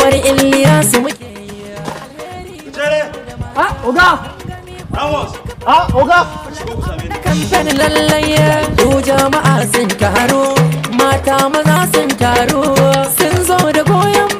unguwar Iliya su muke yi. Ha, Oga! Ramos! Ha, Oga! kamfen lallai du jama'a sun taro, mata maza sun taru, sun zo da goyon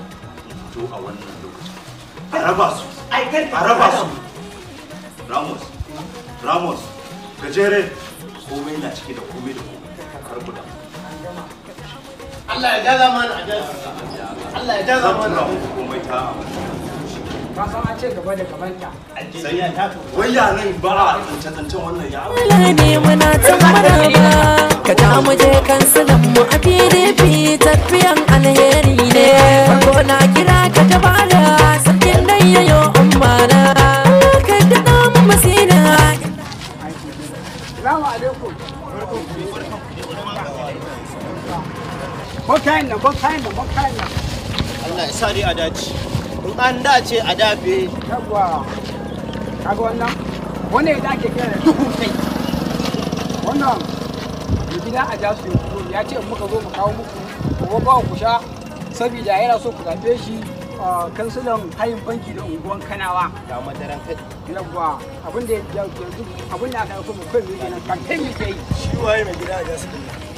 fito a wannan lokacin a raba su a raba su ramos ramos gajere komai na cike da komai da komai karbu da Allah ya jaza mana a Allah ya jaza mana a komai ta ka san a ce gaba da gabanta ta wai ya nan ba a tantance wannan ya ne muna tsammara ba ka ja mu je kansilan mu a pdp tafiyan alheri ne farko na kira ka dabara sarkin nan yayo amana ka daɗa mu masina Bokayin nan, bokayin nan, nan. Allah ya a dace. In an a Kaga wannan? Wannan ya kai duhu kai. Wannan da a jasu ya ce muka zo mu kawo muku kuma ba ku sha saboda yana so ku zaɓe shi kansilan hayin banki da unguwan kanawa da madaran kai yawwa abin da ya yanzu abin da aka so mu kai mu kenan kan kai mu kai shi waye mai gida a jasu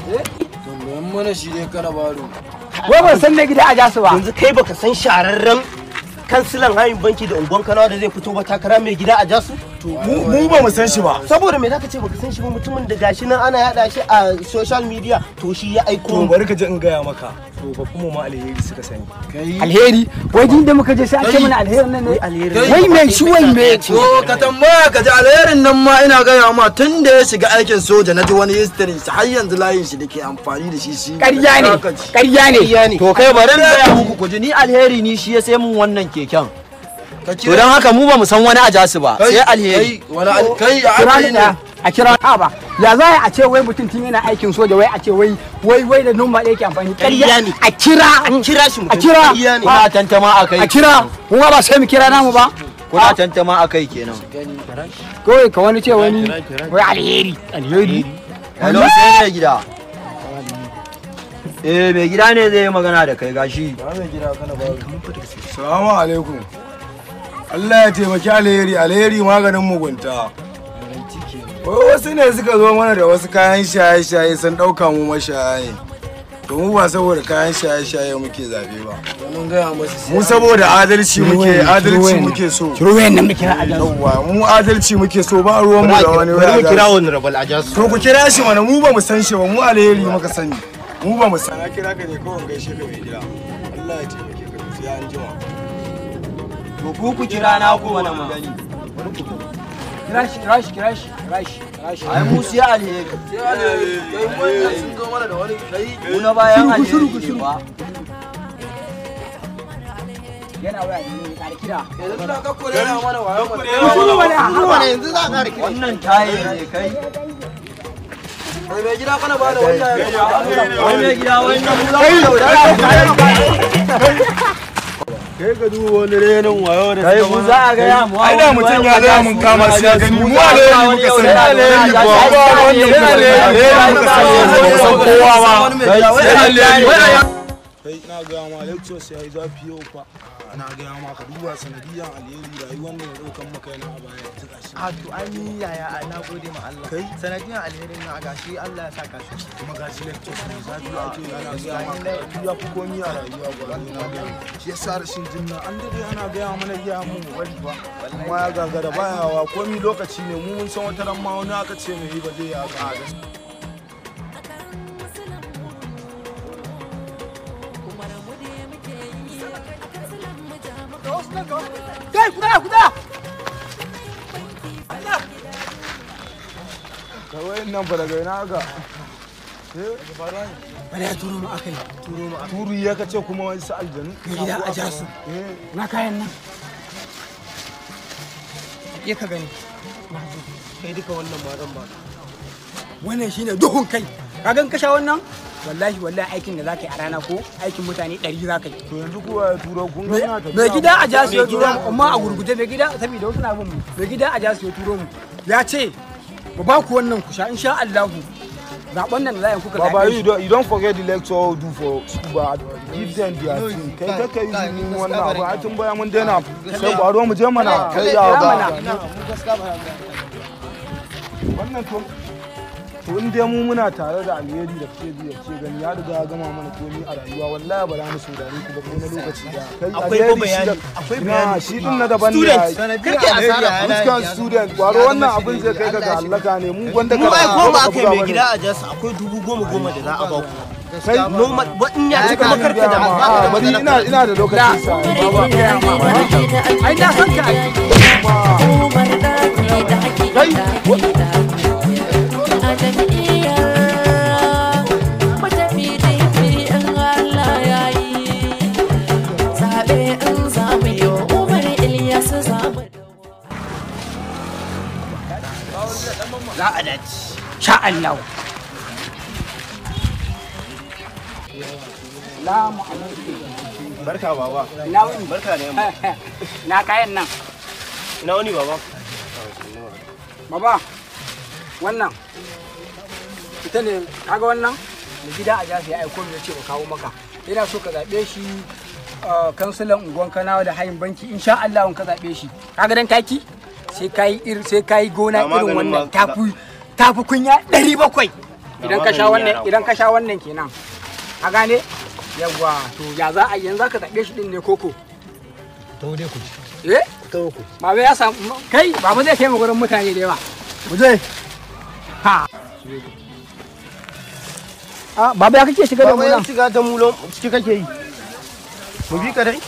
eh to mun mana shi dai kana baro wai ban san mai gida a jasu ba yanzu kai baka san shararren kansilan hayin banki da unguwan kanawa da zai fito ba takara mai gida a jasu mu ba mu san shi ba saboda me zaka ce baka san shi ba mutumin da gashi nan ana yada shi a social media to shi ya aiko to bari ka je in gaya maka to ba kuma ma alheri suka sani alheri wai da muka je sai a ce mana alherin nan ne wai me shi wai me to ka tambaya ka ji alherin nan ma ina gaya ma tun da ya shiga aikin soja na ji wani history sa har yanzu layin shi dake amfani da shi shi ƙarya ne ƙarya ne to kai bari in gaya muku ku ji ni alheri ni shi ya sai mun wannan keken to don haka mu ba mu san wani a jasu ba sai alheri kai kai a a kira ha ba ya za a ce wai mutum tun yana aikin soja wai a ce wai wai wai da numba da yake amfani Kariya ne a kira a kira shi a kira ba tantama a kai a kira mu ba sai mu kira namu ba kuna tantama a kai kenan kawai ka wani ce wani wai alheri alheri hello sai ne gida eh mai gida ne zai yi magana da kai gashi salamu alaikum Allah ya taimaki alheri alheri maganin mugunta wasu ne suka zo mana da wasu kayan shaye-shaye sun ɗauka mu mashaye to mu ba saboda kayan shaye-shaye muke zabe ba mu saboda adalci muke adalci muke so ruwayen nan muke adalci mu adalci muke so ba ruwan mu da wani wani mu kira wani rabal ajasu to ku kira shi mana mu ba mu san shi ba mu alheri muka sani mu ba mu san kira ka ne kawai gaishe ka mai gida Allah ya taimake ka ya an jima to ku ku kira na ku wani ma ai mu sai alheri sai alheri kai sun zo mana da wani kai mu na bayan alheri yana waya ne ka kira yanzu da ka kore na mana waya wannan ne kai mai gida kana ba da wannan mai gida wannan kai ka duba wani renin wayo da kai mu za a ga ya mu ai da mutum ya ga mun kama shi ya gani mu ale ne muka sani ne ni ko ba wannan muka sani ne muka sani ne san kowa ba kai sai ale ne kai na ga ma lectures yayi zafi yau fa Ana gaya maka duba sanadiyyan alheri rayuwar nan daukan maka yana a baya yanzu gashi a to an yaya na gode ma Allah kai sanadiyar alherin na gashi Allah ya sa shi kuma gashi lecture ne za ki ake yana gaya maka ya ku komi a rayuwa ni na gaya shi yasa rashin jinna an dade ana gaya mana iya mu wani ba kuma ya gagara bayawa komi lokaci ne mu mun san wata ran ma wani aka ce mai ba zai yi a Hey, kuda, kuda! Kawai nan fa daga ina aka. ya eh? turo mu aka yi. Turo mu aka. Turu ya kace kuma wani su aljanu. Gida a ja su. Eh. Na kayan nan. Ya ka gani. Kai duka wannan zan ba. Wannan shine duhun kai. Ka gan kasha wannan? wallahi wallahi aikin da zaka yi a rana ko aikin mutane 100 zaka yi to yanzu kuwa turo kun ga na tafiya gida a ja ya turo mu amma a gurguje mai gida saboda wasu na bin mu mai gida a ja ya turo mu ya ce ba ba ku wannan kusha insha Allah zaben nan za a kuka Baba you don't, you don't forget the lecture do for Scuba give them their thing kai kai yi mun wannan abu a tun baya mun daina sai gwaro mu je mana kai ya ba wannan to to in dai mu muna tare da alheri da kuke biya ce gani ya riga ya gama mana komai a rayuwa wallahi ba za mu saurare ku ba ko na lokaci da akwai ko bayani akwai bayani shi din na daban ne kirki asara fuskan student waro wannan abin zai kai ka ga halaka ne mu gwanda ka mu ai ko ba kai mai gida a jasa akwai dubu goma goma da za a ba ku kai ba ya cika makarka da ba ina ina da lokaci sa ba ba ai na san ka ai kai sha Allah Barka baba Na wani barka da yamma Na kayan nan Na wani baba Baba wannan ita ne kaga wannan gida a jafi ya aiko ya ce ba kawo maka yana so ka zaɓe shi kansulan unguwan kanawa da hayin banki sha Allah ka zaɓe shi kaga dan taki sai kayi gona irin wannan tafi ta kunya ɗari bakwai idan ka sha wannan idan ka sha wannan kenan a gane yawwa to ya za a yanzu ka zaɓe shi ɗin ne koko to dai ku eh to ku baba ya samu kai baba zai kai mu gurin mutane da yawa mu je ha a ah, baba ya kake shiga da mu baba ya shiga da mu ciki kake yi mu bi ka dai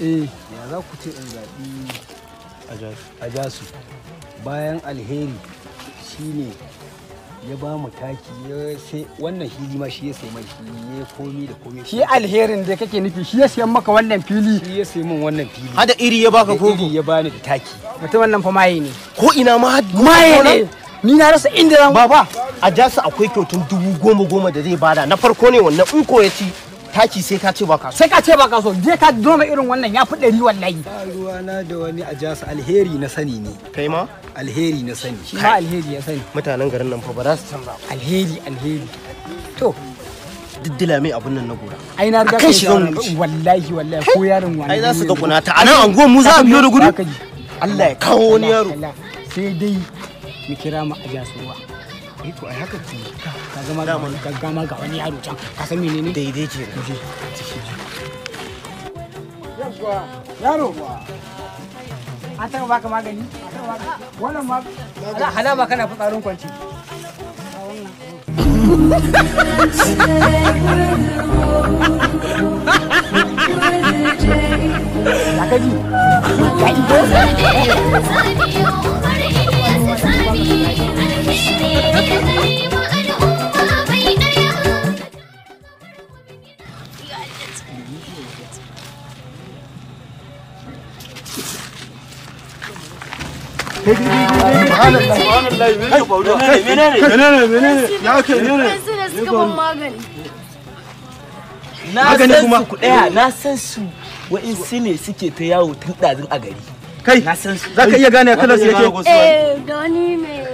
eh za ku ce in zaɓi a jasu bayan alheri shi ne ya ba mu taki wannan fili ma shi ya sai mai shi ya komi da komi shi alherin da kake nufi shi ya sayan maka wannan fili shi ya sayi min wannan fili hada iri ya baka ko iri ya bani da taki mutum wannan fa maye ne ko ina ma maye ne ni na rasa inda zan baba a jasa akwai kyautun dubu goma goma da zai bada na farko ne wannan in ko ya ci taki sai ka ce baka sai ka ce baka so je ka noma irin wannan ya fi ɗari wallahi ruwa na da wani a jasa alheri na sani ne kai ma alheri na sani shi ma alheri ya sani mutanen garin nan fa ba za su canza alheri alheri to diddila mai abun nan na gora ai na riga kai shi zan wallahi wallahi ko yaron wani ai za su ga kunata a nan anguwan mu za mu biyo da gudu Allah ya kawo wani yaro sai dai mu kira mu a jasuwa eh to ai haka ce ka gama ga gaggama ga wani yaro can ka san menene daidai ce da shi yasuwa yaro baka magani wannan ma ma kana fitsarin kwanci magani kuma ku daya na san su wa'insu ne suke ta yawo tun ɗazin a gari kai za ka iya gane a kalar su yake eh da wani mai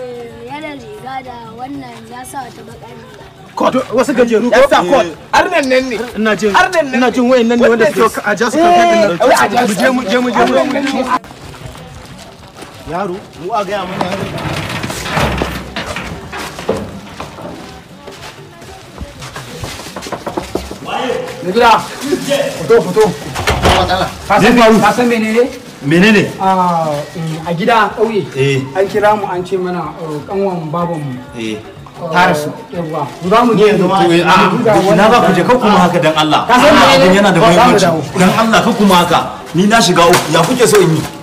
yana riga da wannan ya sa ta bakar wasu gajeru ko yasa kot eh, arnan nan ne ina jin arnan ina jin ne wanda suke a jasu kan kai nan eh, mu je mu je mu je mu yaro mu a ga mun yaro Nigila, fito fito. Ka san menene ah, eh, a gida ƙauye an kira mu an ce mana ƙanwan babanmu ta rasu za mu je yanzu na za ku je kan kuma haka dan Allah abin yana da muhimmanci dan Allah ka kuma haka ni na shiga uku ya kuke so in yi